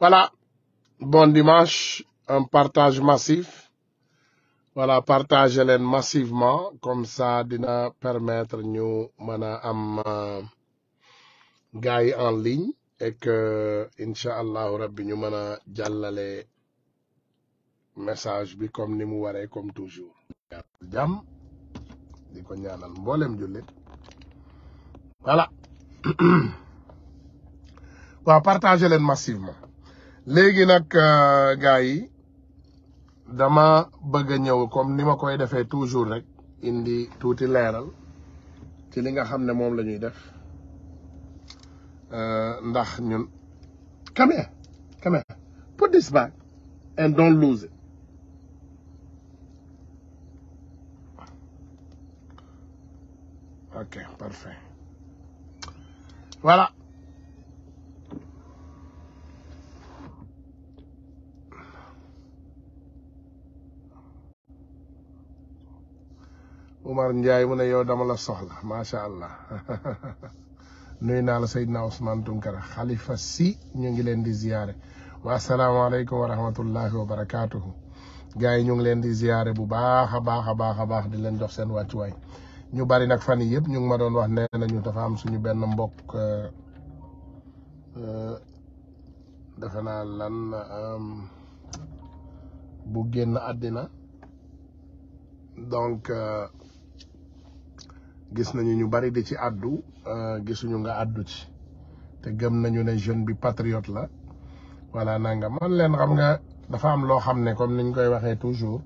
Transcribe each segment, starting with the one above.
Voilà. Bon dimanche. Un partage massif. Voilà, partagez leen massivement comme ça dina permettre ñu mën a am euh, gars yi en ligne et que allah allahu rabbi ñu mën a jàllale message bi comme ni mu waree comme toujours jàmm di ko ñaanal mboolem jullit voilà waaw partagez leen massivement léegi nag euh, gars yi dama bëgg a ñëw comme ni ma koy defee toujours rek indi tuuti leeral ci li nga xam ne moom la ñuy def euh, ndax ñun come here come here put this don't lose it ok parfait voilà Umar Ndiaye mu ne yow dama la soxla macha allah nuyu naa la Seydina Ousmane Tunkara xalifa si ñu ngi leen di ziyaare wa asalaamaaleykum wa rahmatullahi wa barakaatuhu gars yi ñu ngi leen di ziyaare bu baax a baax a baax a baax di leen jox seen wàccuwaay ñu bari nag fan yii ñu ngi ma doon wax nee nañu dafa am suñu benn mbokk euh, euh, defe naa lan euh, bu génn àddina donc. gis nañu ñu bari di ci àddu euh, gisuñu nga àddu ci te gëm nañu ne jeune bi patriote la voilà nanga man leen xam nga dafa am loo xam ne comme niñ koy waxee toujours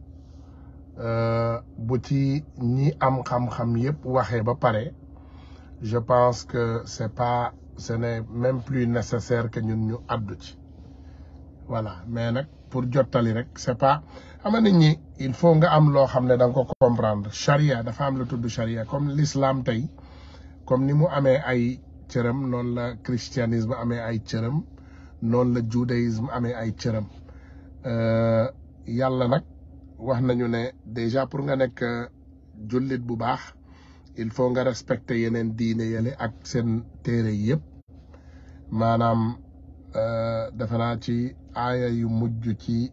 euh, bu ci ñi am xam-xam yépp waxee ba pare je pense que c'est pas ce n'est même plus nécessaire que ñun ñu àddu ci voilà mais nag pour jottali rek c'est pas xam nga ñi il faut nga am loo xam ne dang nga ko comprendre charia dafa am lu tudd charia comme l'islam tey comme ni mu amee ay cëram noonu la christianisme amee ay cëram noonu la judaïsme amee ay cëram euh, yàlla nag wax nañu ne déjà pour nga nekk jullit bu baax il faut nga respecter yeneen diine yale ak seen téere yëpp maanaam Euh, defe naa ci aaya yu mujj ci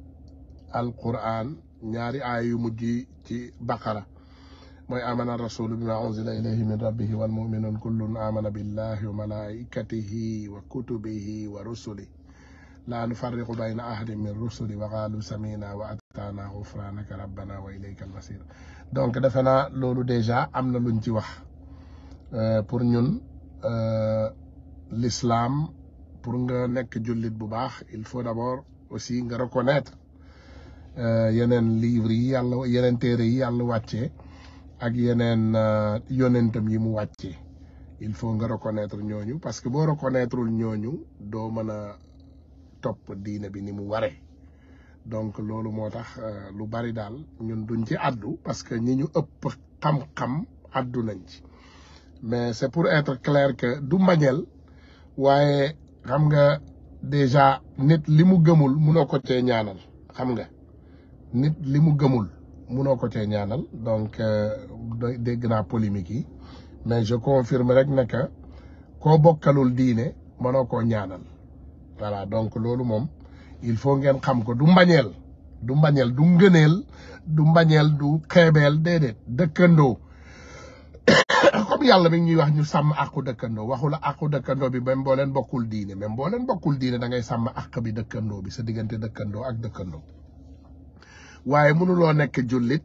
alquran ñaari aaya yu mujj ci baqara mooy amana rasulu bima unzila ilayhi min rabbihi wal muminun kullun amana billahi wa malaikatihi wa kutubihi wa rusuli laa nufarriqu bayna ahadin min rusuli wa qaalu samina wa ataana gufranaka rabbana wa ilayka almasir donc defe naa loolu déjà am na luñ ci wax euh, pour ñun euh, l'islam pour nga nekk jullit bu baax il faut d'abord aussi nga reconnaître euh, yeneen livre yi yàlla yeneen téere yi yàlla wàcce ak yeneen euh, yonentam yi mu wàccee il faut nga reconnaître ñooñu parce que boo reconnaîtreul ñooñu doo mën a topp diina bi ni mu waree donc loolu moo tax euh, lu bari daal ñun duñ ci àddu parce que ñi ñu ëpp xam-xam àddu nañ ci mais c'est pour être clair que du mbañeel waaye xam nga déjà nit li mu gëmul munoo ko cee ñaanal xam nga nit li mu gëmul munoo ko cee ñaanal donc euh, dégg naa polémique yi mais je confirme rek ne que koo bokkalul diine mënoo koo ñaanal voilà donc loolu moom il faut ngeen xam ko du mbañeel du mbañeel du ngëneel du mbañeel du xeebeel déedéet dëkkandoo yàlla mi ngi ñuy wax ñu sàmm àqu dëkkandoo waxu la àqu dëkkandoo bi même boo leen bokkul diine même boo leen bokkul diine dangay ngay sàmm àq bi dëkkandoo bi sa diggante dëkkandoo ak dëkkandoo waaye mënuloo nekk jullit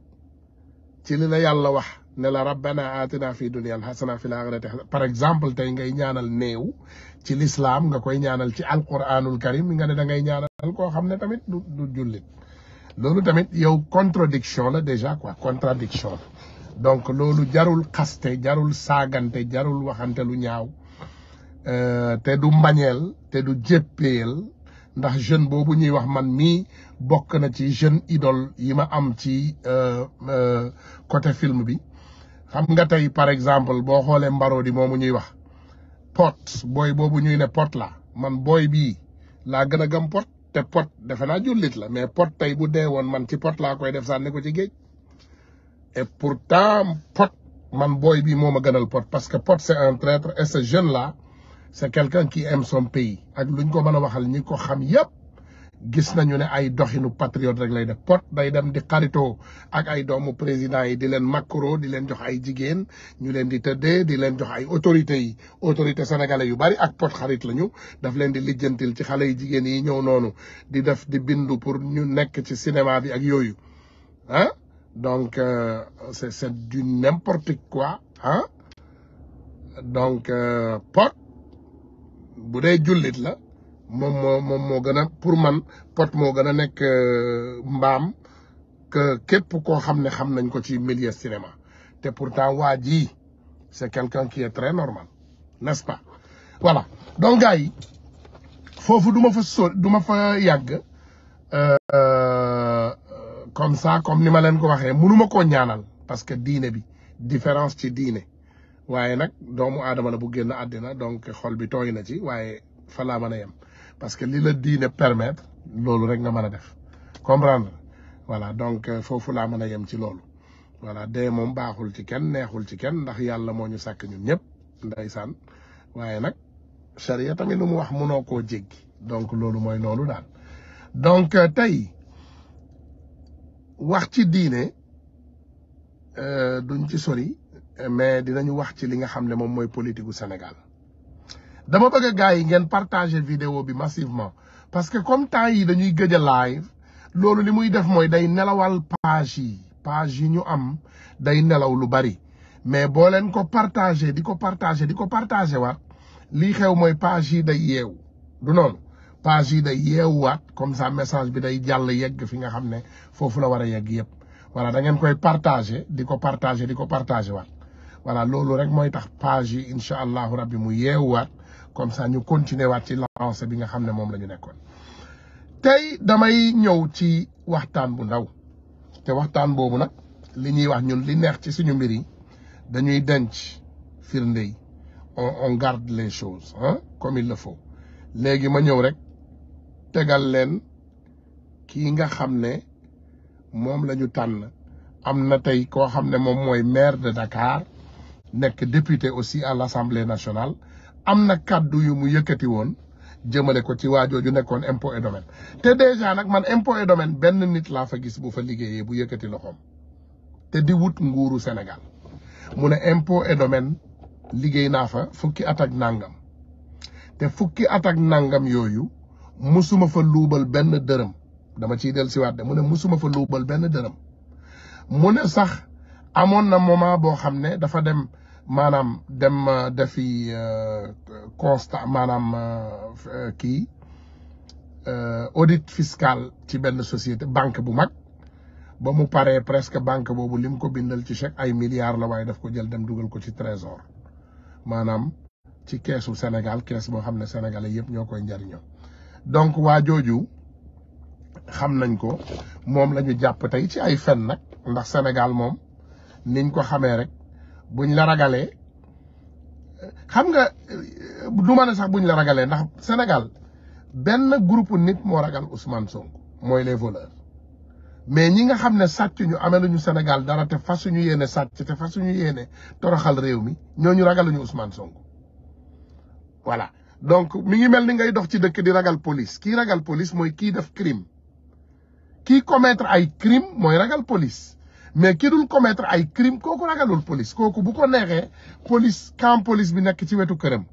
ci li la yàlla wax ne la rabbana atina fi duniyal hasana fil akhirati par exemple tey ngay ñaanal néew ci lislaam nga koy ñaanal ci alquranul karim nga ne da ngay ñaanal koo xam ne tamit du du jullit loolu tamit yow contradiction la déjà quoi contradiction la donc loolu jarul xaste jarul saagante jarul waxante lu ñaaw euh, te du mbañeel te du jéppeel ndax jeune boobu ñuy wax man mii bokk na ci jeune idol yi ma am ci euh, euh, côté film bi xam nga tey par exemple boo xoolee mbaro Marodi moomu ñuy wax pot booy boobu ñuy ne pot la man booy bii laa gën a gëm pot te pot defe naa jullit la mais pot tey bu dee woon man ci pot la koy def sànni ko ci géej et pourtant Pod man booy bii moo ma gënal Pod parce que Pod c'est un traître et ce jeune là c'est quelqu'un qui aime son pays ak lu ñu ko mën a waxal ñi ko xam yépp gis nañu ne ay doxinu patriote rek lay def Pod day dem di xaritoo ak ay doomu président yi di leen makro di leen jox ay jigéen ñu leen di tëddee di leen jox ay autorités yi autorité sénégalais yu bari ak Pod xarit lañu daf leen di lijjantil ci xale yi jigéen yi ñëw noonu di def di bindu pour ñu nekk ci cinéma bi ak yooyu Donc, euh, c'est du n'importe quoi. Hein? Donc, euh, pot, bu dee jullit la moom moo moo gën a pour man pot moo gën a nekk euh, mbaam que képp koo xam ne xam nañ ko ci milieu cinéma te pourtant waa ji c'est quelqu'un qui est très normal n'est-ce pas voilà donc foofu du fa so du ma fa yàgg euh, euh, comme ça comme ni ma leen ko waxee mënuma koo ñaanal parce que diine bi différence ci diine waaye nag doomu aadama la bu génn àddina donc xol bi tooy na ci waaye fa laa mën a yem parce que li la diine permettre loolu rek nga mën a def comprendre voilà donc euh, foofu laa mën a yem ci loolu voilà dee moom baaxul ci kenn neexul ci kenn ndax yàlla moo ñu sàkk ñun ñëpp ndeysaan waaye nag charia tamit lu mu wax mënoo koo jéggi donc loolu mooy noonu daal donc euh, tey wax ci diine euh, duñ ci sori mais dinañu wax ci li nga xam ne moom mooy politique gu Sénégal dama bëgg gars yi ngeen partager vidéo bi massivement parce que comme temps yi dañuy gëj live loolu li muy def mooy day nelawal page yi page yi ñu am day nelaw lu bari mais boo leen ko partager di ko partager di ko partager wax lii xew mooy page yi day yeewu du noonu page yi day waat comme ça message bi day jàll yegg fi nga xam ne foofu la war a yegg yëpp voilà da ngeen koy partagé di ko partagé di ko partagé waat voilà loolu rek mooy tax page yi incha allahu rabbi mu yeewuwaat comme ça ñu continuer waat ci lancé bi nga xam ne moom lañu nekkoon. tey damay ñëw ci waxtaan bu ndaw te waxtaan boobu nag li ñuy wax ñun li neex ci suñu mbir yi dañuy denc firnde yi on on garde les choses comme il le faut léegi ma ñëw rek. tegal leen kii nga xam ne moom la ñu tànn am na tey koo xam ne moom mooy maire de Dakar nekk député aussi à l'Assemblée nationale am na kàddu yu mu yëkkati woon jëmale ko ci waajooju nekkoon impôt et domaine te déjà nag man impôt et domaine benn nit laa fa gis bu fa liggéeyee bu yëkkati loxoom te di wut nguuru Sénégal mu ne impôt et domaine liggéey naa fa fukki at ak nàngam te fukki at ak nàngam yooyu musuma fa luubal benn dërëm dama ciy del siwaat de mu ne musuma fa luubal benn dërëm mu ne sax amoon na moment boo xam ne dafa dem maanaam dem euh, defi euh, constat maanaam euh, kii audit fiscal ci benn société banque bu mag ba mu paree presque banque boobu lim ko bindal ci chèque ay milliards la waaye daf ko jël dem dugal ko ci trésor maanaam ci keesu Sénégal kees boo xam ne sénégalais yëpp ñoo koy njariñoo donc waa jooju xam nañ ko moom la ñu jàpp tey ci ay fen nag ndax Sénégal moom niñ ko xamee rek buñ la ragalee xam nga euh, du ma ne sax buñ la ragalee ndax Sénégal benn groupe nit moo ragal Ousmane Sonko mooy les voleurs mais ñi nga xam ne sàcc ñu amee nañu Sénégal dara te fasuñu yéene sàcc te fasuñu yéene toroxal réew mi ñoo ñooñu ragaluñu Ousmane Sonko voilà donc mi ngi mel ni ngay dox ci dëkk di ragal police kii ragal police mooy kii def crime kii commettre ay crime mooy ragal police mais ki dul commettre ay crime kooku ragalul police kooku bu ko neexee police camp police bi nekk ci wetu këram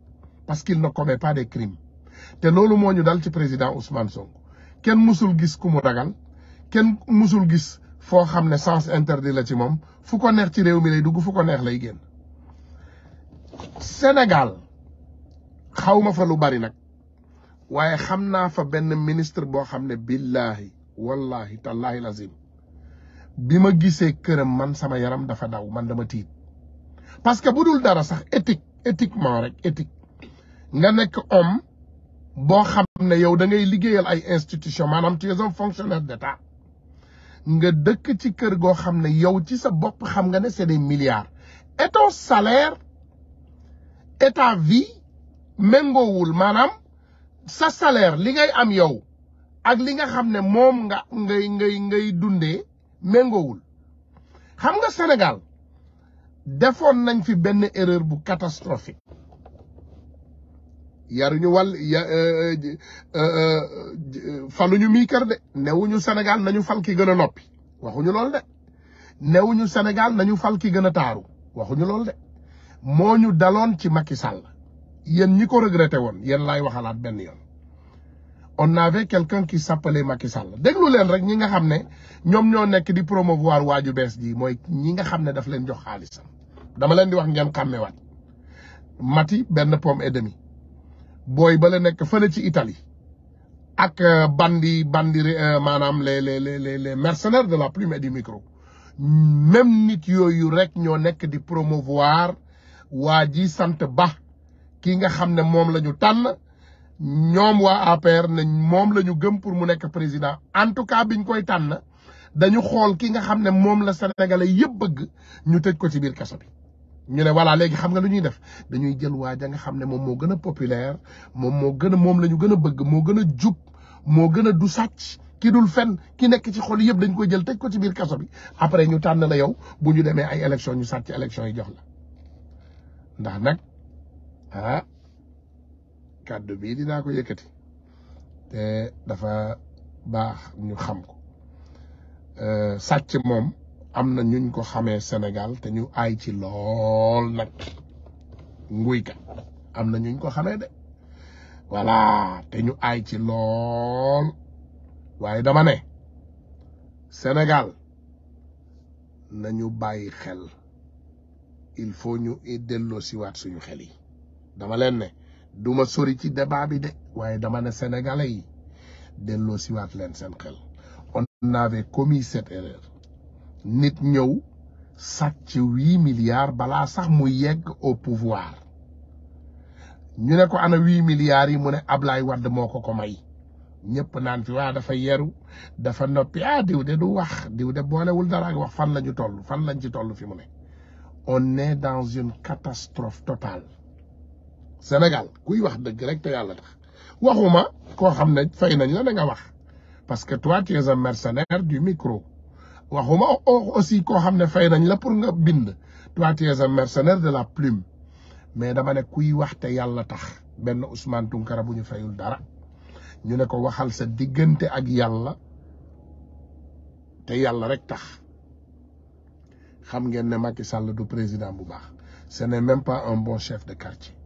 parce qu'il ne commet pas des te loolu moo ñu dal ci président Ousmane Sonko kenn musul gis ku mu ragal kenn mosul gis foo xam ne sens interdit la ci moom fu ko neex ci réew mi lay dugg fu ko neex lay génn Sénégal xawma fa lu bari nag waaye xam naa fa benn ministre boo xam ne billahi wallahi tallahi lazim bi ma gisee këram man sama yaram dafa daw man dama tiit parce que bu dul dara sax éthique éthiquement rek éthique nga nekk homme boo xam ne yow da ngay liggéeyal ay institution maanaam tu es un fonctionnaire d'État nga dëkk ci kër goo xam ne yow ci sa bopp xam nga ne c'est des milliards salaire et vie méngoowul maanaam sa salaire li ngay am yow ak li nga xam ne moom nga ngay ngay ngay dundee méngoowul xam nga Sénégal defoon nañ fi benn erreur bu catastrophique ñu wal ya euh, euh, euh, faluñu mii kër de newuñu Sénégal nañu fal ki gën a noppi waxuñu lool de newuñu Sénégal nañu fal ki gën a taaru waxuñu lool de moo ñu daloon ci Macky Sall yéen ñi ko regretté woon yéen laay waxalaat benn yoon on avait quelqu'un qui s'appelait Macky Sall déglu leen rek ñi nga xam ne ñoom ñoo nekk di waa ju bees ji mooy ñi nga xam ne daf leen jox xaalisam dama leen di wax ngeen xàmmewaat Mati benn pomme et demi booy ba la nekk fële ci itali ak euh, bandi bandi euh, maanaam les les les les mercenaires de la plume et du micro même nit yooyu rek ñoo nekk di promouvoir waa ji sant ba kii nga xam ne moom la ñu tànn ñoom waa APR ne moom la ñu gëm pour mu nekk président en tout cas bi biñ koy tànn dañu xool ki nga xam ne moom la sénégalais yëpp bëgg ñu tëj ko ci biir kaso bi. ñu ne voilà léegi xam nga lu def dañuy jël waa ja xam ne moom moo gën a populaire moom moo gën a moom la ñu gën a bëgg moo gën a jub moo gën a du sàcc. ki fen ki nekk ci xol yëpp dañ koy jël tëj ko ci biir kaso bi après ñu tànn la yow bu ñu demee ay élection ñu sàcc élection yi jox la ndax nag ah kàddu bii dinaa ko yëkkati te dafa baax ñu xam ko euh, sàcc moom am na ñuñ ko xamee Sénégal te ñu aay ci lool nag nguykat am na ñuñ ko xamee de voilà te ñu aay ci lool waaye dama ne na ñu bàyyi xel il faut ñu delloo siwaat suñu xel yi dama leen ne du ma sori ci débat bi de waaye dama ne sénégalais yi delloo siwaat leen seen xel on avait commis cette erreur nit ñëw sàcc huit milliards balaa sax mu yegg au pouvoir ñu ne ko ana huit milliards yi mu ne Ablaye Wade moo ko ko may ñëpp naan fi waa dafa yeru dafa noppi ah diw de du wax diw de boolewul dara ak wax fan lañu toll fan lañ ci toll fi mu ne on est dans une catastrophe totale Sénégal kuy wax dëgg rek te yàlla tax waxuma koo xam ne fay nañ la da nga wax parce que toi tu es un mercenaire du micro waxuma aussi koo xam ne fay nañ la pour nga bind toi tu es un de la plume mais dama ne kuy wax te yàlla tax benn Ousmane Tounkara bu ñu fayul dara ñu ne ko waxal sa diggante ak yàlla te yàlla rek tax xam ngeen ne Macky Sall du président bu baax ce n'est même pas un bon chef de quartier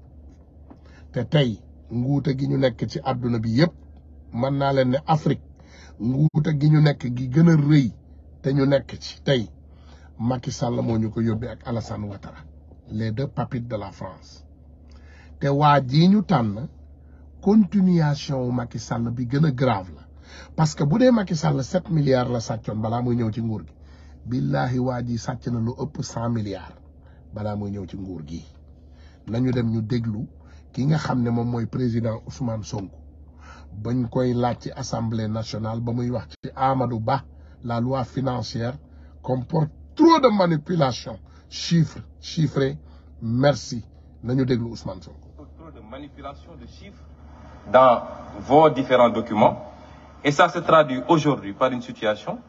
te tey nguuta gi ñu nekk ci àdduna bi yëpp mën naa leen ne Afrique nguuta gi ñu nekk gi gën a rëy te ñu nekk ci tey Macky Sall moo ñu ko yóbbee ak Alassane Ouattara les de papiers de la France te waa ji ñu tànn continuation wu Macky Sall bi gën a grave la parce que bu dee Macky Sall sept milliards la sàccoon balaa muy ñëw ci nguur gi billahi waa ji sàcc na lu ëpp cent milliards balaa muy ñëw ci nguur gi nañu dem ñu déglu ki nga xam ne moom mooy président Ousmane Sonko bañ koy laaj ci assemblée nationale ba muy wax ci Amadou Ba la loi financière comporte trop de manipulation chiffres chiffrés merci nañu déglu Ousmane Sonko. trop de manipulation de chiffres dans vos différents documents et ça se traduit aujourd'hui par une situation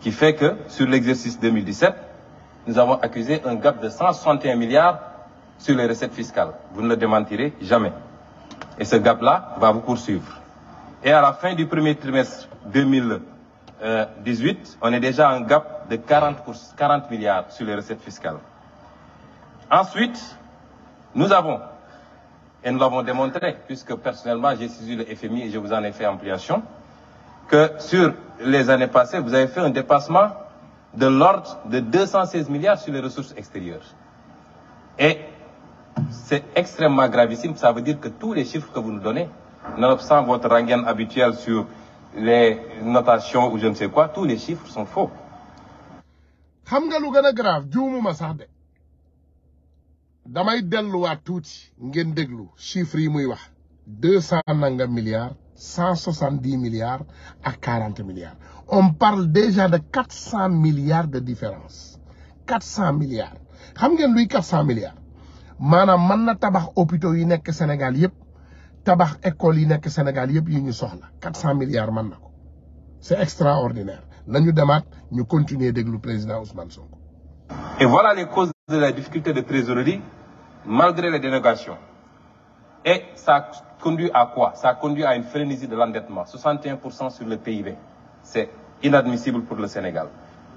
qui fait que sur l'exercice 2017 nous avons accusé un gap de 161 milliards sur les recettes fiscales. Vous ne le démentirez jamais. Et gap-là va vous poursuivre. Et à la du premier trimestre 2018, euh, on est déjà à un gap de 40, pour 40 milliards sur les recettes fiscales. Ensuite, nous avons, et nous l'avons démontré, puisque personnellement j'ai saisi le FMI et je vous en ai fait ampliation, que sur les années passées, vous avez fait un de l'ordre de 216 milliards sur les ressources extérieures. Et C'est extrêmement gravissime. Ça veut dire que tous les chiffres que vous nous donnez, nonobstant votre rengaine habituelle sur les notations ou je ne sais quoi, tous les chiffres sont faux. xam nga lu gën a grave juumuma sax de damay delluwaat tuuti ngeen déglu chiffres yi muy wax deux cent nangam milliards cent soixante dix milliards ak quarante milliards on parle déjà de quatre cent milliards de différence quatre cent milliards xam ngeen luy quatre cent milliards maanaam mën na tabax hôpitaux yi nekk Sénégal yëpp tabax écoles yi nekk Sénégal yëpp yi ñu soxla quatre cent milliards mën na ko c'est extraordinaire ñu demaat ñu continuer déglu président Ousmane Sonko. Et voilà les causes de la difficulté de trésorerie malgré les dénégations. Et ça conduit à quoi? Ça conduit à une frénésie de l'endettement, 61% sur le PIB. C'est inadmissible pour le Sénégal.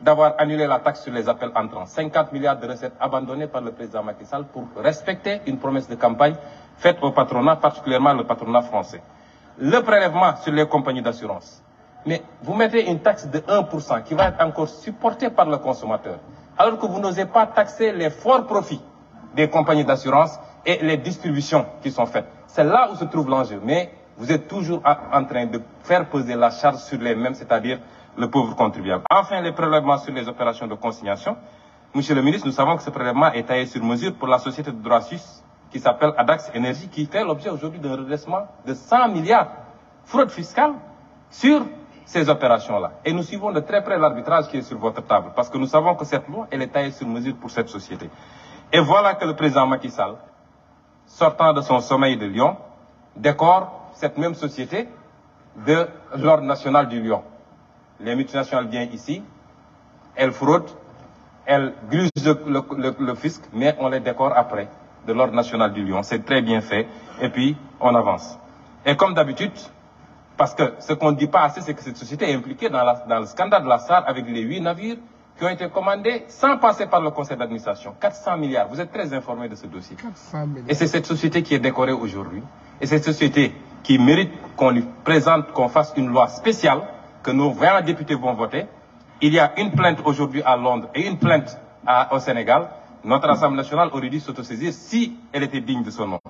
d'avoir annulé la taxe sur les appels entrants. 50 milliards de recettes abandonnées par le président Macky Sall pour respecter une promesse de campagne faite au patronat, particulièrement le patronat français. Le prélèvement sur les compagnies d'assurance. Mais vous mettez une taxe de 1% qui va être encore supportée par le consommateur, alors que vous n'osez pas taxer les forts profits des compagnies d'assurance et les distributions qui sont faites. C'est là où se trouve l'enjeu. Mais vous de faire peser la charge sur les mêmes, cest le pauvre contribuable. Enfin, les prélèvements sur les opérations de consignation. Monsieur le ministre, nous savons que ce prélèvement est taillé sur mesure pour la société de droit suisse qui s'appelle Adax Energy, qui fait l'objet aujourd'hui d'un redressement de milliards fraude fiscale sur ces opérations-là. Et nous suivons de très près l'arbitrage qui est sur votre table, parce que nous savons que cette loi, elle est taillée sur mesure pour cette société. Et voilà que le président Macky de son sommeil de Lyon, décore cette même société de l'ordre national du Les multinationales viennent ici, elles fraudent, elles grugent le, le, le, fisc, mais on les décore après de l'ordre national du Lyon. C'est très bien fait. Et puis, on avance. Et comme d'habitude, parce que ce qu'on ne dit pas assez, c'est que cette société est impliquée dans, la, dans le scandale de la SAR avec les huit navires qui ont été commandés sans passer par le conseil d'administration. milliards. Vous êtes très informés de ce dossier. Et c'est cette société qui est décorée loi spéciale que nos 20 députés vont voter. Il y a une plainte aujourd'hui à Londres et une plainte à, au Sénégal. Notre mm. Assemblée nationale aurait dû s'autosaisir si elle était digne de son nom.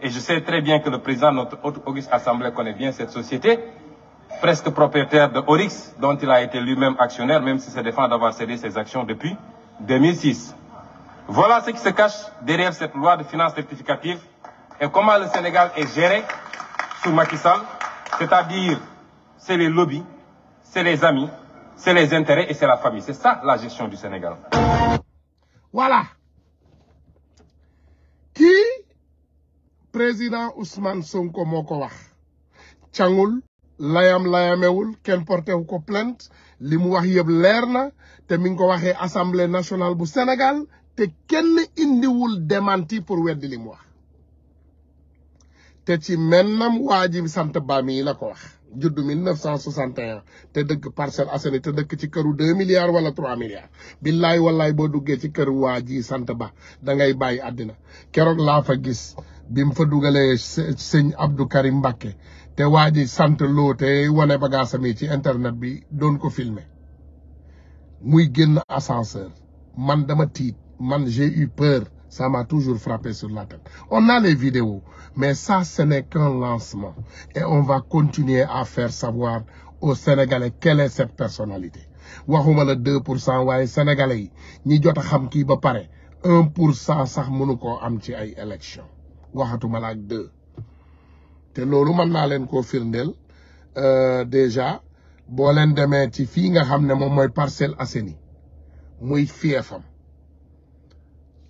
Et je sais très bien que le président, notre auguste Assemblée, connaît bien cette société, presque propriétaire de Orix, dont il a été lui-même actionnaire, même s'il se défend d'avoir cédé ses actions depuis 2006. Voilà ce qui se cache derrière cette loi de finance rectificative et comment le Sénégal est géré sous Macky Sall, cest à c'est les amis c'est les intérêts et c'est la famille c'est ça la gestion du Sénégal. voilà kii président Ousmane Sonko moo ko wax cangul layam layamewul kenn porté wu ko plainte li mu wax yëpp leer na te mi ngi ko waxee assemblée nationale bu Sénégal te kenn indiwul démenti pour weddi li mu wax te ci men mennam waajib sant yi la ko wax. judd 1961 te dëkk Parcelles Assainies te dëkk ci këru 2 milliards wala 3 milliards billaay wallaay boo duggee ci kër waa ji sant ba da ngay bàyyi àddina keroog laa fa gis bi mu fa dugalee sëñ Abdou Karim Mbacké te waa ji sant loo te wane bagaasam yi ci internet bi doon ko filmer muy génn ascenseur man dama tiit man j'ai eu peur Ça m'a toujours frappé sur la On a les vidéos, mais ça, ce n'est qu'un lancement. Et on va continuer à fair savoir au Sénégalais quelle est cette personnalité. waxuma la deux pour cent waaye sénégalais yi ñi jot a xam kii ba pare pour cent sax mënu koo am ci ay élection waxatuma la ak te loolu mën naa leen ko firndeel euh, déjà boo leen demee ci fii nga xam ne moom mooy Parcelles Assainies muy fiefam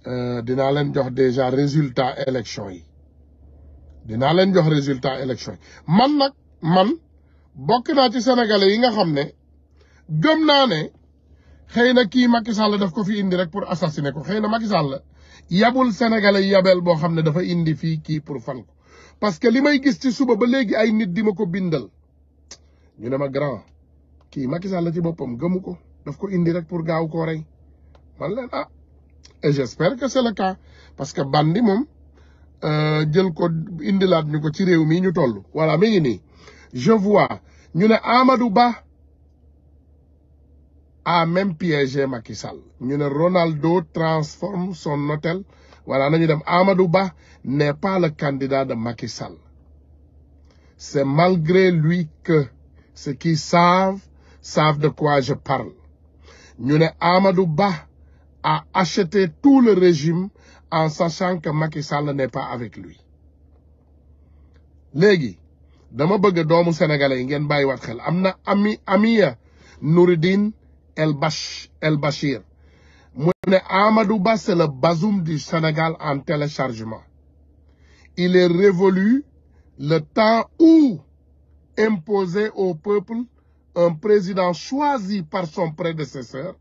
Euh, dinaa leen jox déjà résultat élection yi dinaa leen jox résultat élection yi man nag man bokk naa ci sénégalais yi nga xam ne gëm naa ne xëy na kii Macky la daf ko fi indi rek pour assassiner ko xëy na Macky Sall yabul sénégalais yabel boo xam ne dafa indi fii kii pour fan ko parce que li may gis ci suba ba léegi ay nit di ma ko bindal ñu ne ma grand kii Macky la ci boppam gëmu ko daf ko indi rek pour gaaw ko rey man leen ah et j'espère que c'est le cas parce que bandi moom euh, jël ko indilaat ñu ko ci réew mi ñu toll voilà mi ngi nii je vois ñu ne Amadou Ba a même piégé Macky Sall ñu ne Ronaldo transforme son hôtel voilà nañu dem Amadou Ba n'est pas le candidat de Macky Sall c'est malgré lui que ceux qui savent savent de quoi je parle ñu ne Amadou Ba a acheté tout le régime en sachant que Macky Sall n'est pas avec lui léegi dama bëgg doomu sénégalais yi ngeen bàyyiwaat xel am na ami Amia Nouridine El Bach El Bachir mu ne Amadou Ba c'est le Bazoum du Sénégal en téléchargement il est révolu le temps où imposer au peuple un président choisi par son prédécesseur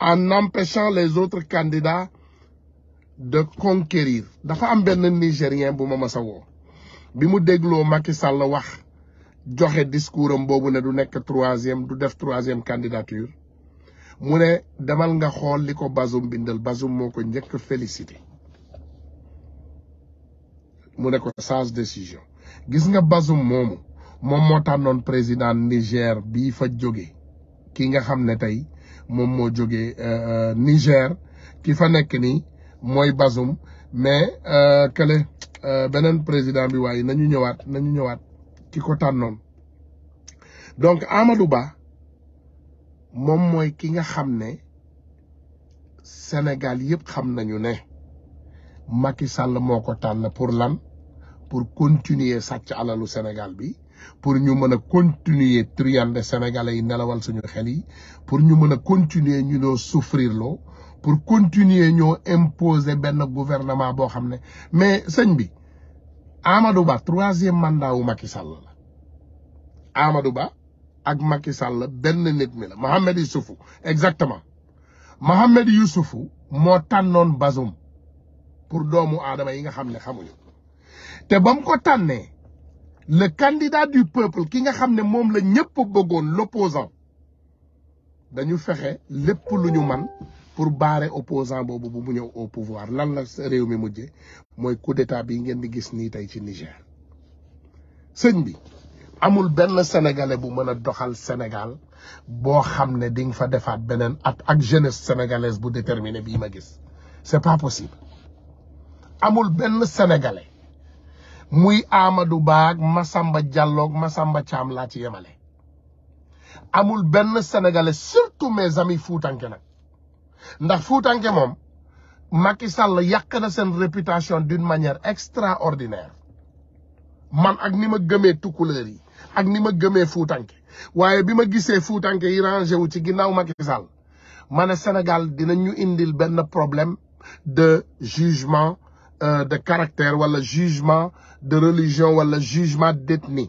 en empêchant les autres candidats de conquérir dafa am benn nigérien bu ma masa woo bi mu dégloo Macky Sall wax joxe discours am boobu ne du nekk troisième du def troisième candidature mu ne demal nga xool li ko Bazoum bindal Bazoum moo ko njëkk félicité mu ne ko sage décision gis nga Bazoum moomu moom moo tànnoon président Niger bii fa jóge ki nga xam ne tey moom moo jógee euh, euh, Niger ki fa nekk nii mooy Bazoum mais euh, kele beneen président bi waaye nañu ñëwaat nañu ñëwaat ki ko tànnoon donc Amadou Ba moom mooy ki nga xam ne Sénégal yëpp xam nañu ne Macky Sall moo ko tànn pour lan pour continuer sàcc alalu Sénégal bi pour ñu mën a continuer triande sénégalais yi nelawal suñu xel yi pour ñu mën a continuer ñu doo souffrir loo pour continuer ñoo imposer benn gouvernement boo xam ne mais sëñ bi Amadou Ba troisième mandat wu Macky Sall la Amadou Ba ak Macky Sall benn nit mi la Mohamed Youssoufou exactement Mohamed Youssoufou moo tànnoon Bazoum pour doomu aadama yi nga xam ne xamuñu te bam ko tànnee le candidat du peuple ki nga xam ne moom la ñëpp bëggoon l'opposant dañu fexe lépp lu ñu man pour barrer opposant boobu bu mu ñëw au pouvoir lan la réew mi mujje mooy coup d'état bi ngeen di gis nii tey ci Niger sëñ bi amul benn sénégalais bu mën a doxal Sénégal boo xam ne di nga fa defaat beneen at ak jeunesse sénégalaise bu déterminé bii ma gis c'est pas possible amul benn sénégalais muy Amadou Ba ak Massamba Diallo ak Massamba Thiam laa ci yemale amul benn sénégalais surtout mes amis fuutanke nag ndax fuutanke moom Macky Sall yàq na seen réputation d'une manière extraordinaire man ak ni ma gëmee tukkuleer yi ak ni ma gëmee fuutanke waaye bi ma gisee fuutanke yi rangé wu ci ginnaaw Macky Sall ma Sénégal dinañ ñu indil benn problème de jugement Euh, de caractère wala jugement de religion wala jugement d'ethnie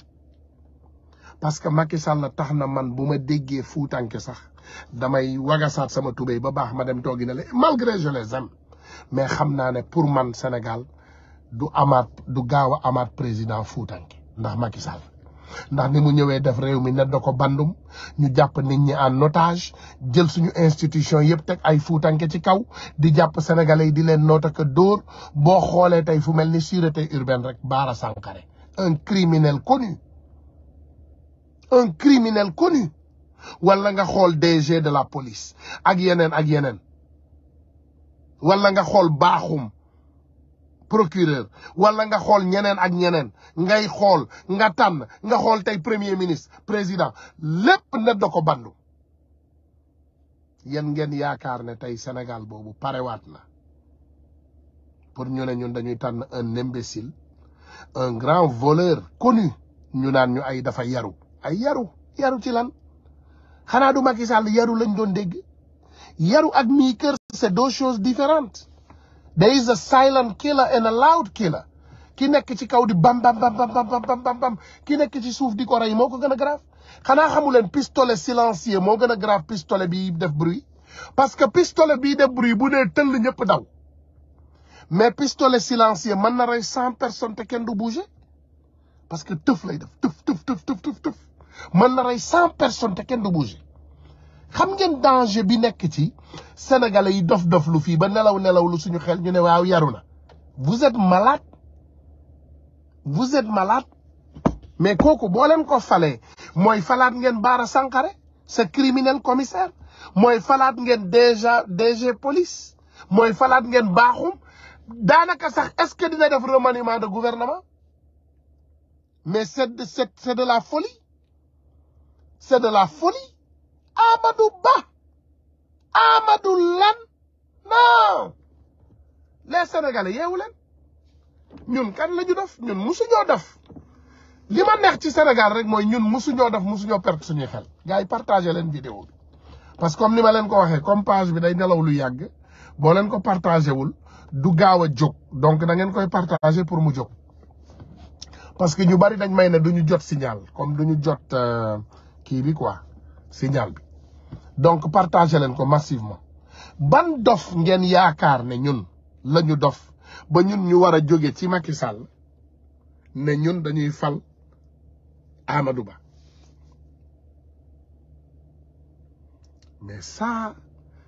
parce que Macky Sall la tax na man bu ma déggee fuutanke sax damay wagasaat sama tubéy ba baax ma dem toogi na le malgré je les aime mais xam naa ne pour man Sénégal du amaat du gaaw a amaat président fuutanke ndax Macky ndax ni mu ñëwee def réew mi ne da ko bandum ñu jàpp nit ñi en otage jël suñu institution yëpp teg ay fuutanke ci kaw di jàpp sénégalais yi di leen noot ak dóor boo xoolee tey fu mel ni sûreté urbaine rek baara Sankaré un criminel connu un criminel connu wala nga xool DG de la police ak yeneen ak yeneen wala nga xool baaxum procureur wala nga xool ñeneen ak ñeneen ngay xool nga tànn nga xool tey premier ministre président lépp na da ko bandu yéen ngeen yaakaar ne tey Sénégal boobu parewaat na pour ñu ne ñun dañuy tànn un imbécile un grand voleur connu ñu naan ñu ay dafa yaru ay yaru yaru ci lan xanaa du Macky Sall yaru lañ doon dégg yaru ak mii kër c'est deux choses différentes there is a silent killer and a loud killer ki nekk ci kaw di bam bam bam bam bam bam ki nekk ci suuf di ko rey moo ko gën a grave xanaa xamu leen pistolet silencieux moo gën a grave pistolet bi def bruit parce que pistolet bii def bruit bu dee tëll ñëpp daw mais pistolet silencieux mën na rey cent personnes te kenn du bouger parce que tëf lay def tëf tëf tëf tëf tëf tëf mën na rey cent personnes te kenn du bouger xam ngeen danger bi nekk ci sénégalais yi dof-dof lu fii ba nelaw nelaw lu suñu xel ñu ne waaw yaru na vous êtes malade vous êtes malade mais kooku boo leen ko falee mooy falaat ngeen Bara Sankaré sa criminel commissaire mooy falaat ngeen déjà DG police mooy falaat ngeen baaxum daanaka sax est-ce que dina def remaniement de gouvernement mais c'est c'est c'est de la folie c'est de la folie Amadou Ba Amadou lan non les sénégalais yeewu leen ñun kan la ñu def ñun musuñoo def li ma neex ci Sénégal rek mooy ñun musuñoo def musuñoo per suñuy xel gars yi partagé leen vidéo bi parce que comme ni ma leen ko waxee comme page bi day nelaw lu yàgg boo leen ko partagé wul du gaaw a jóg donc da ngeen koy partagé pour mu jog parce que ñu bari dañ may ne duñu jot signal comme duñu jot euh, kii bi quoi signal bi donc partagé leen ko massivement ban dof ngeen yaakaar ne ñun la ñu dof ba ñun ñu war a jóge ci makki sal ne ñun dañuy fal Amadou Ba mais ça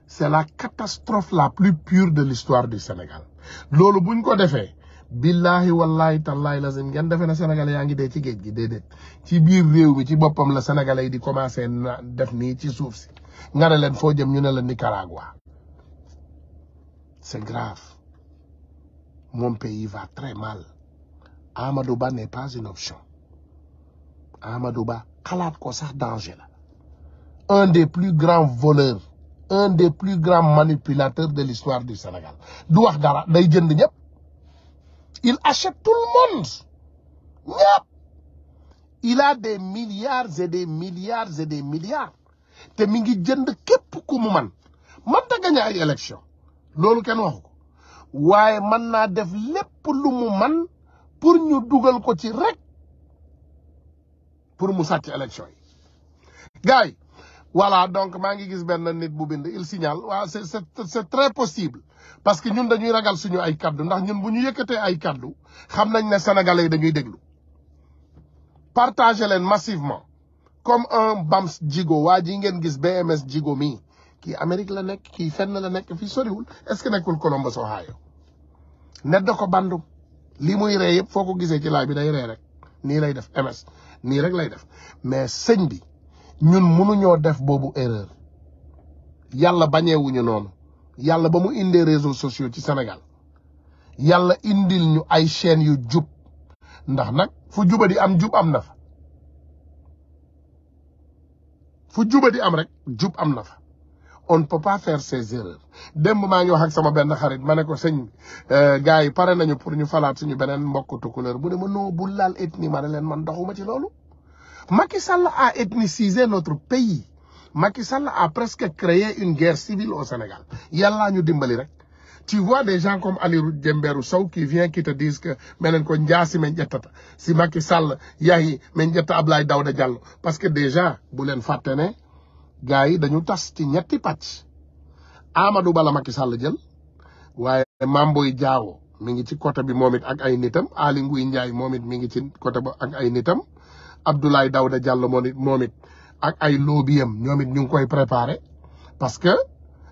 c'est la catastrophe la plus pure de l'histoire du Sénégal loolu buñ ko defee billahi wallahi tallahi lazim ngeen defee na sénégalais yaa ngi dee ci géej gi déedéet ci biir réew mi ci boppam la sénégalais yi di commencé na def nii ci suuf si nga leen foo jëm ñu ne la Nicaragua c'est grave mon pays va très mal Amadou Ba n'est pas une option Amadou Ba xalaat ko sax danger la un des plus grands voleurs un des plus grands manipulateur de l'histoire du senegal du wax dara day jënd ñëpp Il achète tout le monde. Yep. Il des milliards et des milliards et des milliards. te mi ngi jënd képp ku mu man man ta gañe ay élection loolu kenn waxu ko waaye man naa def lépp lu mu man pour ñu dugal ko ci rek pour mu sàcc élection yi gars yi voilà donc maa ngi gis benn nit bu bind il signale waaw c'est c'est très possible parce que ñun dañuy ragal suñu ay kaddu ndax ñun bu ñu yëkkatee ay kaddu xam nañ ne sénégalais yi dañuy déglu partagez leen massivement comme un Bams Djigo waa ji ngeen gis BMS Djigo mii kii Amérique la nekk kii fenn la nekk fii soriwul est-ce que nekkul Columbus Ohio net da ko bandum li muy ree yëpp foo ko gisee ci laaj bi day ree rek nii lay def MS nii rek lay def mais sëñ bi ñun mënuñoo def boobu erreur yàlla bañeewuñu noonu yàlla ba mu indee réseaux sociaux ci Sénégal yàlla indil ñu ay chaînes yu jub ndax nag fu juba di am jub am na fa fu juba di am rek jub am na fa on ne peut pas faire ces erreurs démb maa ngi wax ak sama benn xarit ma ne ko sëñ euh, gars yi pare nañu pour ñu falaat suñu beneen mbokk tukkuleer bu ne ma non bu laal ethnie ma ne leen man ndoxuma ci loolu Macky Sall a ethnicisé notre pays Macky Sall a presque créé une guerre civile au Sénégal yàllaa ñu dimbali rek tu vois des gens comme Aliou Dembourou Sow ki vient qui te disent que menen ko njaasi men ƴettata si Macky Sall yahi men ƴetta Ablaye Daouda Diallo parce que déjà bu leen fàtte ne gars yi dañu tas ci ñetti pàcc Amadou Ba la Macky Sall jël waaye Mamboy Diawo mi ngi ci côté bi moom it ak ay nitam Aly Ngouille Ndiaye moom it mi ngi ci côté ba ak ay nitam Abdoulaye Daouda Diallo moom it moom it ak ay lobbyam ñoom it ñu ngi koy préparé parce que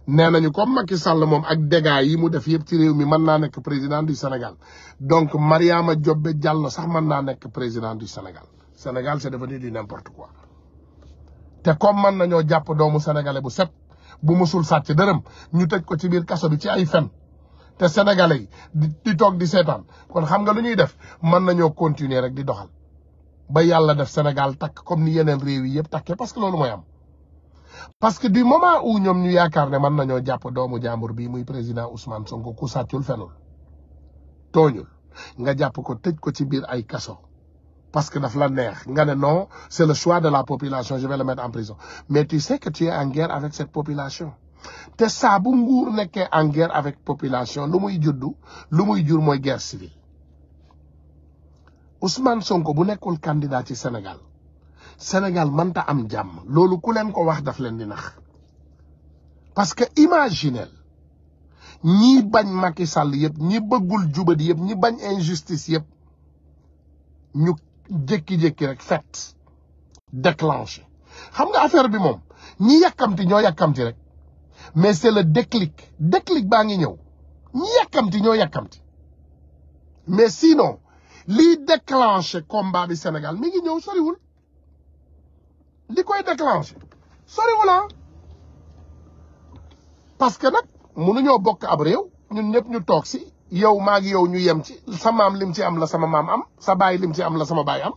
nee nañu comme Macky Sall moom ak dégâts yi mu def yëpp ci réew mi man naa nekk président du Sénégal donc Mariama Diobé Diallo sax mën naa nekk président du Sénégal Sénégal c'est devenu du n'importe quoi te comme mën nañoo jàpp doomu sénégalais bu set bu musul sàcc dërëm ñu teg ko ci biir kaso bi ci ay fen te sénégalais yi di toog di seetaan kon xam nga lu ñuy def mën nañoo continuer rek di doxal ba yàlla def Sénégal takk comme ni yeneen réew yi yëpp takkee parce que loolu mooy am parce que du moment où ñoom ñu yaakaar ne mën nañoo jàpp doomu jàmbur bii muy président Ousmane Sonko ku sàccul fenul tooñul nga jàpp ko tëj ko ci biir ay kaso parce que daf la neex nga ne non c'est le choix de la population je vais le mettre en prison mais tu sais que en guerre avec cette population te saa bu nguur nekkee en guerre avec population lu muy juddu lu muy jur mooy guerre civile Ousmane Sonko bu nekkoon candidat ci Sénégal Sénégal manta am jàmm loolu ku leen ko wax daf leen di nax parce que imaginel ñi bañ Macky Sall yëpp ñi bëggul jubadi yëpp ñi bañ injustice yëpp ñu jékki-jékki rek fet déclenché xam nga affaire bi moom ñi yàkkamti ñoo yàkkamti rek mais c'est le déclic déclic baa ngi ñëw ñi ñoo yàkkamti mais sinon lii déclenché combat bi Sénégal mi ngi ñëw soriwul li koy déclenché soriwul ah parce que nag mënuñoo bokk ab réew ñun ñëpp ñu toog si yow maa ngi yow ñu yem ci sa maam lim ci am la sama maam am sa baay lim ci am la sama baay am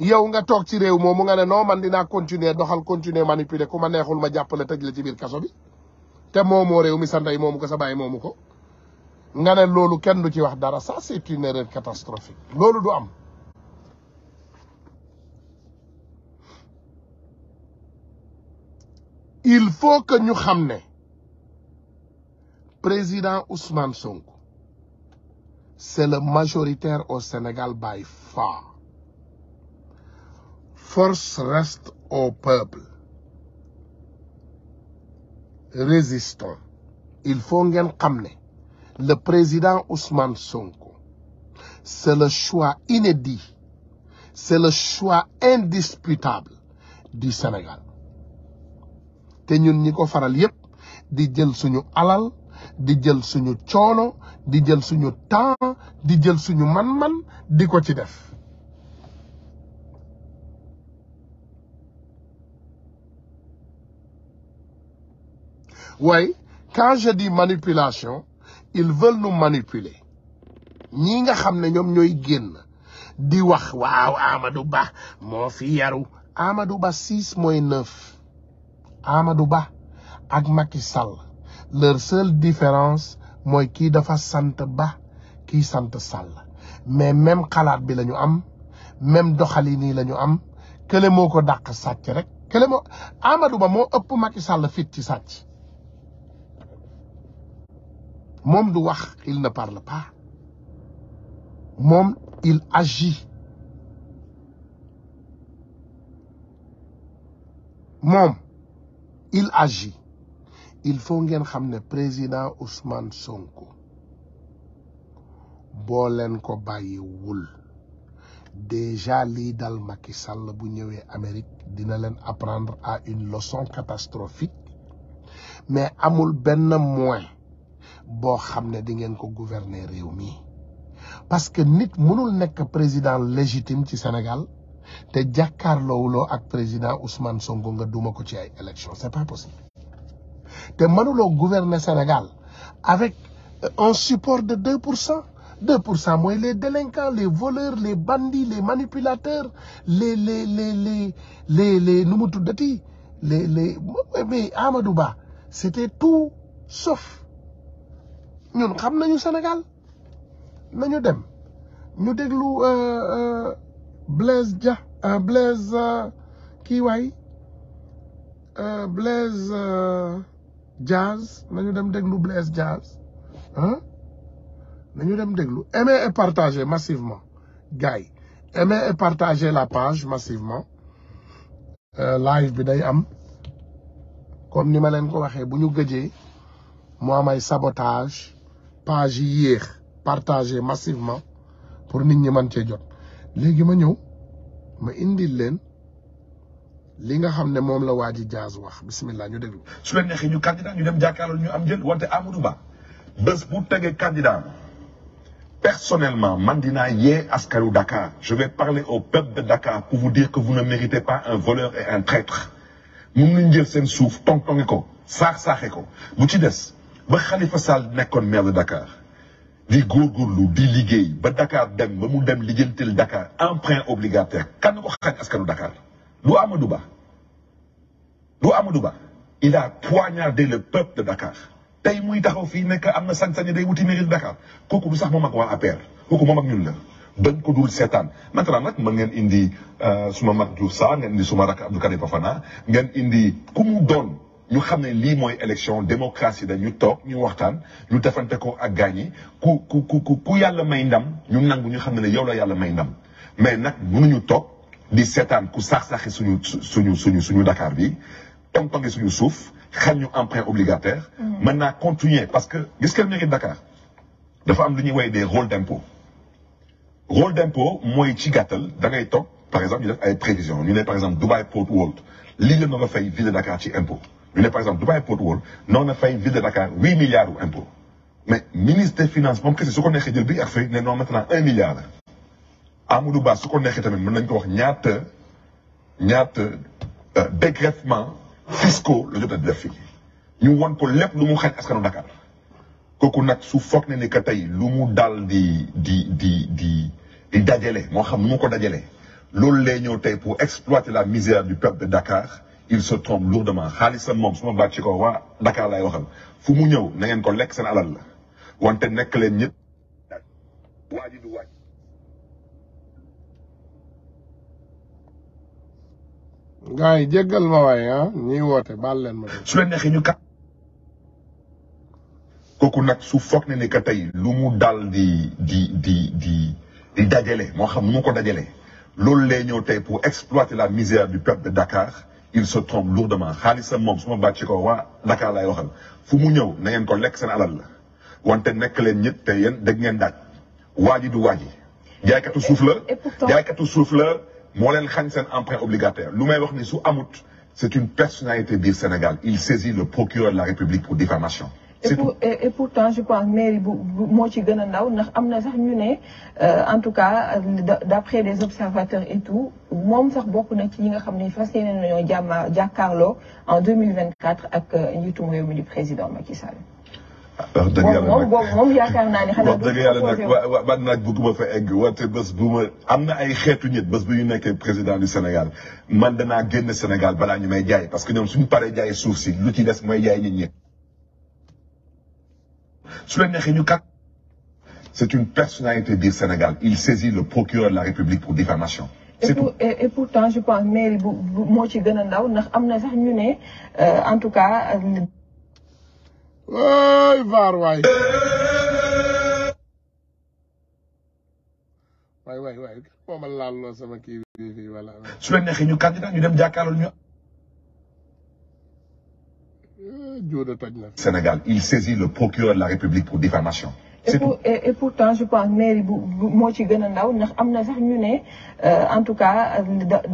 yow nga toog ci réew moomu nga ne non man dinaa continuer doxal continuer manipuler ku ma neexul ma jàppale tëj la ci biir kaso bi te moomoo réew mi sa ndey moomu ko sa baay moomu ko nga ne loolu kenn du ci wax dara ça c'est une erreur catastrophique loolu du am il faut que ñu xam ne président Ousmane Sonko c'est le majoritaire au Sénégal by far force reste au peuple résistons il faut ngeen xam ne le président Ousmane Sonko, c'est le choix inédit, c'est le choix indisputable du Sénégal. te ñun ñi ko faral yépp di jël suñu alal di jël suñu coono di jël suñu temps di jël suñu man-man di ko ci def. waaye quand di dis manipulation. ils veulent nous manipuler ñi nga xam ne ñoom ñooy génn di wax waaw Amadou Ba moo fi yaru Amadou Ba six mooy neuf Amadou Ba ak Macky Sall leur seule différence mooy kii dafa sant Ba kii sant Sall mais même xalaat bi lañu am même doxali nii lañu am kële moo ko dàq sàcc rek kële moo Ba moo ëpp Macky Sall fit ci sàcc moom du wax il ne parle pas moom il agit moom il agit il faut ngeen xam ne président Ousmane Sonko boo leen ko bàyyiwul déjà lii dal Macky Sall bu ñëwee Amérique dina leen apprendre à une leçon catastrophique mais amul benn moyen boo xam ne di ngeen ko gouverner réew mi parce que nit mënul nekk président légitim ci Sénégal te jàkkaarloowuloo ak président Ousmane Sonko nga duma ko ci ay élection c'est pas possible te mënuloo gouverner Sénégal avec euh, un support de deux pour cent pour cent mooy les délinquants les voleur les bandits les manipulateurs les le les les les les nu mu tuddati les les mais Amadou Ba c'était tout sauf ñun xam nañu Sénégal nañu dem ñu déglu euh, euh, Blaise Dia euh, Blaise kii waay Blaise Diaz nañu dem déglu Blaise Diaz ah nañu dem déglu aimer et partager massivement gars yi aimer et partager la page massivement live bi day am comme ni ma leen ko waxee bu ñu gëjee mu am ay sabotage page yi yéex partagé massivement pour nit ñi mën cee jot léegi ma ñëw ma indil leen li nga xam ne moom la waa ji jaaz wax bismillah ñu déglu. su leen neexee ñu candidat ñu dem jàkkaarloo ñu am jël wante Amadou Ba bés bu tegee candidat personnellement man dinaa yee askanu Dakar je vais parler au peuple de Dakar pour vous dire que vous ne méritez pas un voleur et un traître mun nañ jël seen suuf tong tongi ko saax saaxe ko bu ci des. ba Khalifa Sall nekkoon maire de Dakar di lu di liggéey ba Dakar dem ba mu dem lijjantil Dakar emprunt obligataire kan ko xañ askanu Dakar du Amadou Ba du Amadou Ba il a poignardé le peuple de Dakar tey muy taxaw fii nekk am na sañ-sañ day wuti mairie de Dakar kooku du sax moom ak waa APR kooku moom ak ñun la bañ ko dul seetaan maintenant nag mën ngeen indi euh, suma mag Diouf Sarr ngeen indi suma rakk Abdou Karim Fofana ngeen indi ku mu doon ñu xam ne lii mooy élection démocratie dañu toog ñu waxtaan ñu defante ko ak gaañ yi ku ku ku ku yàlla may ndam ñu nangu ñu xam ne yow la yàlla may ndam mais nag ñu toog di seetaan ku sax-saxi suñu suñu suñu suñu Dakar bi tong-tongi suñu suuf xam ñu emprunt obligataire mën mm. naa continuer parce que gis nga mairie Dakar dafa am lu ñuy woy des rôles d'impôt rôle d'impôt mooy ci gàttal da ngay toog par exemple ñu def ay prévisions ñu ne par exemple Dubai Port World lii la nga fay ville de Dakar ci ñu ne par exemple Dubai Port World noonu la fay ville de Dakar huit milliards u impôt mais ministre des finances moom kese su ko neexee jël bi ak fay ne non maintenant un milliard la. Amadou Ba su ko neexee tamit mën nañ ko wax ñaata ñaata euh, dégrèvement fiscaux la jot a def fii ñu won ko lépp lu mu xañ askanu Dakar kooku nag su foog ne ni que tey lu mu daal di di di di di dajale moo xam nu mu ko dajale loolu lay ñëw tey pour exploiter la misère du peuple de Dakar. il se trompe lourdement xaalisam moom su ma baat ci ko waa Dakar laay waxal fu mu ñëw na ngeen ko lekk seen alal la wante nekk leen ñëpp waa ji du waaj gars yi jéggal ma waaye ah ñuy woote baal leen ma su leen neexee ñu kat kooku nag su foog ne ni que tey lu mu dal di di di di di dajale moo xam nu ko dajale loolu lay ñëw tey pour exploiter la misère du peuple de Dakar il se trompe lourdement xaalisam moom su ma bàcc ko waa Dakar laay waxal fu mu ñëw ne ngeen ko lekk seen alal la wante nekk leen ñit te yéen dégg ngeen daaj waaji du waaji jaaykatu suuf la jaaykatu suuf la moo leen xañ seen emprunt obligataire lu may wax ni su amut c'est une personnalité biir Sénégal il saisit le procureur de la République pour diffamation et pour et pourtant je pense mairie moo ci gën a ndaw ndax am na sax ñu ne euh, en tout cas d'après des observateurs et tout moom sax bokk na ci ñi nga xam ne fas yéene nañoo jàmma jàkkaarloo en ak euh, njiitum réew mi di président Macky Sall. Ah, wax dëgg yàlla nag moom moom yaakaar naa ne wa man nag am na ay xeetu nit bés bu ñu nekkee président du Sénégal man danaa génn Sénégal balaa ñu may jaay parce que ñoom suñu paree jaay suuf si lu ci des mooy jaay nit su leen neexee ñu kat c'est une personnalité biir Sénégal il saisit le procureur de la République pour diffamation Et, pour, et, et pourtant je pense mairie bu moo ci gën a ndaw am na sax ñu ne euh, en tout cas. Euh, waay vaar waay. waay waay waay moom laal loo sama kii bi fii voilà. su leen neexee ñu. Euh, Sénégal il saisit le procureur de la République pour diffamation et, pour, et, pourtant je pense mais bu moo ci gën a ndaw ndax am na sax ñu ne euh, en tout cas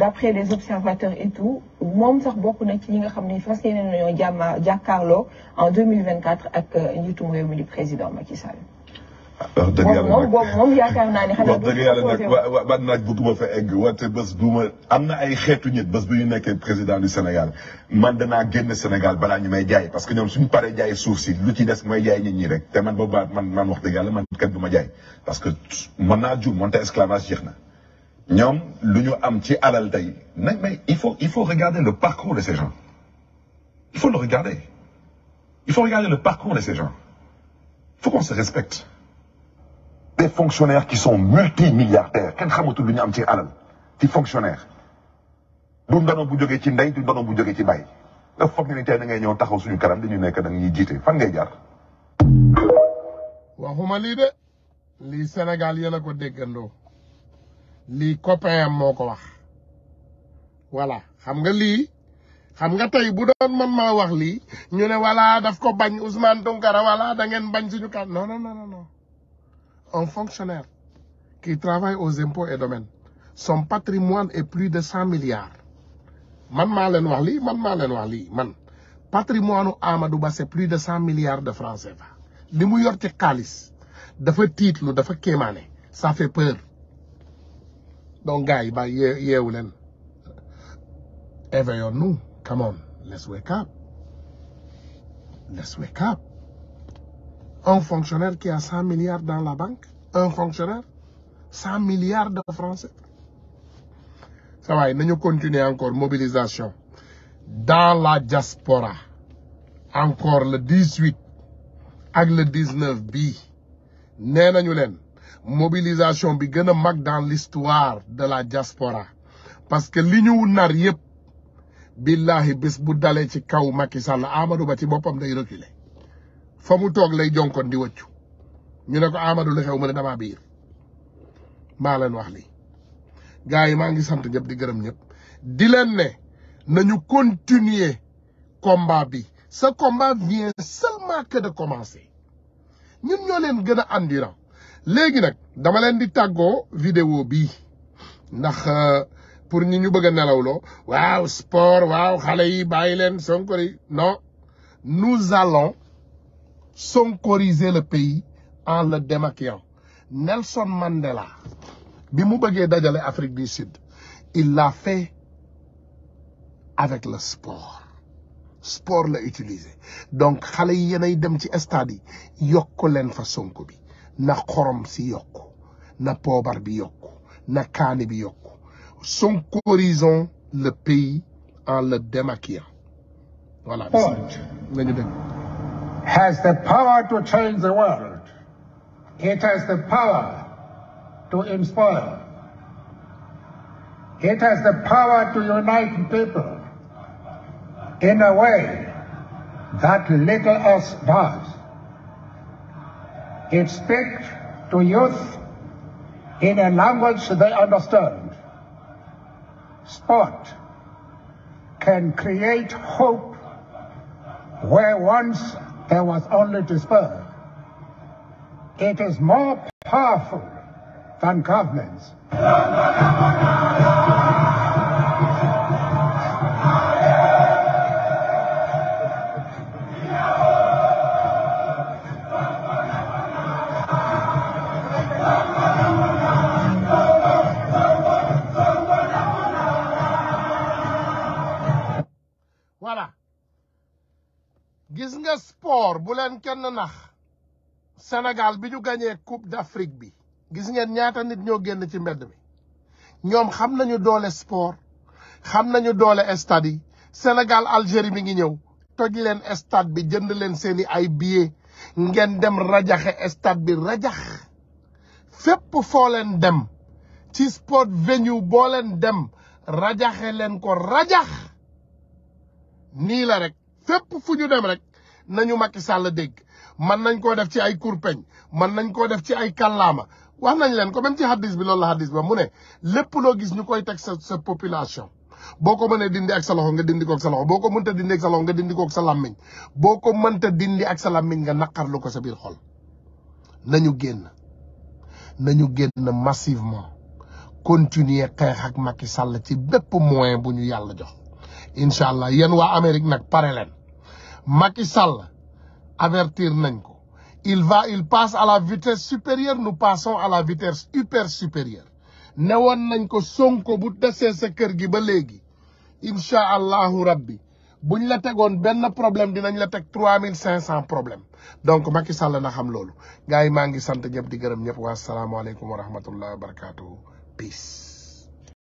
d'après les observateurs et tout moom sax bokk na ci ñi nga xam ne fas yéene jàkkaarloo en 2024 ak euh, njiitum réew mi di président Macky Sall wax dëgg yàlla nag moom moom yaakaar naa ne. wax dëgg yàlla nag wa wa naaj bëgguma fa egg wante bés bu ma am na ay xeetu ñit bés bu ñu nekkee président du Sénégal man naa génn Sénégal balaa ñu may jaay parce que ñoom suñu paree jaay suuf si lu ci des mooy jaay nit ñi rek te man booba man man wax dëgg yàlla man kat ma jaay parce que mën naa jur monte esclavage jeex na ñoom lu ñu am ci alal tey nag il faut il faut regarder le parcours de ces gens il faut le regarder il faut regarder le parcours de ces gens il faut qu'on se respecte des fonctionnaires qui sont multimilliardaires kenn xamatul lu ñu am ci alal ci fonctionnaire du ndono bu jóge ci ndey du ndono bu jóge ci baay nga foog ne ni tey da ngay ñëw taxaw suñu kanam dañu nekk da nga ñuy jiite fan ngay jaar. waxuma lii de lii Sénégal yéen a ko déggandoo lii copain am moo ko wax voilà xam nga lii xam nga tey bu doon man maa wax lii ñu ne voilà daf ko bañ Ousmane Tounkara voilà da ngeen bañ suñu kan non non non un fonctionnaire qui travaille aux impôts et domaines son patrimoine est plus de cent milliards man maa leen lii man maa leen wax lii man patrimoine u Amadou Ba c'est plus de cent milliards de francs CFA li mu yor ci xaalis dafa tiitlu dafa kéemaane ça fait peur donc gars ba yeewu leen éveillons-nous come on let's wake un fonctionnaire qui a cent milliards dans la banque un fonctionnaire cent milliards de français ça va nañu continuer encore mobilisation dans la diaspora encore le 18 ak le 19 bi nee nañu leen mobilisation bi gën a mag dans l'histoire de la diaspora parce que li ñu nar yëpp billahi bés bu dalee ci kaw Macky Sall Amadou Ba ci boppam day reculer fa mu toog lay jonkon di wëccu ñu ne ko Amadou xew ma ne damaa biir maa leen wax lii gars yi maa ngi sant ñëpp di gërëm ñëpp di leen ne nañu continuer combat bi sa combat vient seulement que de commencer ñun ñoo leen gën a endurant léegi nag dama leen di tàggoo vidéo bii ndax euh, pour ñu ñu bëgg nelaw loo waaw sport waaw xale yi bàyyi leen sonkori non nous allons sonkoriser le pays en le démaquillant Nelson Mandela bi mu bëggee dajale Afrique du Sud il l'a fait avec la sport sport la utiliser donc xale yi yéenay dem ci stade yi yokk leen fa Sonko bi na xorom si yokk na poobar bi yokk na kaani bi yokk sonkorisons le pays en le démaquillant voilà. nga ñu dem. has the power to change the world. It has the power to inspire. It has the power to unite people in a way that little else does. It speaks to youth in a language they understand. Sport can create hope where once there was only despair. It is more powerful than governments. Sénégal bi ñu gañee Coupe d'Afrique bi gis ngeen ñaata nit ñoo génn ci mbedd mi ñoom xam nañu doole sport xam nañu doole stade yi Sénégal Algérie mi ngi ñëw toj leen stade bi jënd leen seeni ay billets ngeen dem rajaxe stade bi rajax fépp foo leen dem ci sport venue boo leen dem rajaxe leen ko rajax nii la rek fépp fu ñu dem rek nañu Macky Sall dégg mën nañ koo def ci ay kurpeñ mën nañ koo def ci ay kallaama wax nañ leen ko même ci hadis bi loolu la hadis ba mu ne lépp loo gis ñu koy teg sa sa population boo ko mënee dindi ak sa loxo nga dindi ko ak sa loxo boo ko mënta dindi ak sa loxo nga dindi ko ak sa làmmiñ boo ko mënta dindi ak sa làmmiñ nga naqarlu ko sa biir xol nañu génn nañu génn massivement continuer xeex ak Macky Sall ci bépp moyen bu ñu yàlla jox incha allah yéen waa Amérique nag pare leen Macky Sall avertir nañ ko il va il passe à la vitesse supérieure nous passons à la vitesse hyper supérieure newoon nañ ko sonko bu desee sa kër gi ba léegi incha allahu rabbi buñ la tegoon benn problème dinañ la teg trois mille cinq cent problème donc Macky Sall na xam loolu gars yi maa ngi sant ñëpp di gërëm ñëpp waa salaamualeykum wa rahmatullah wa barakatuhu peace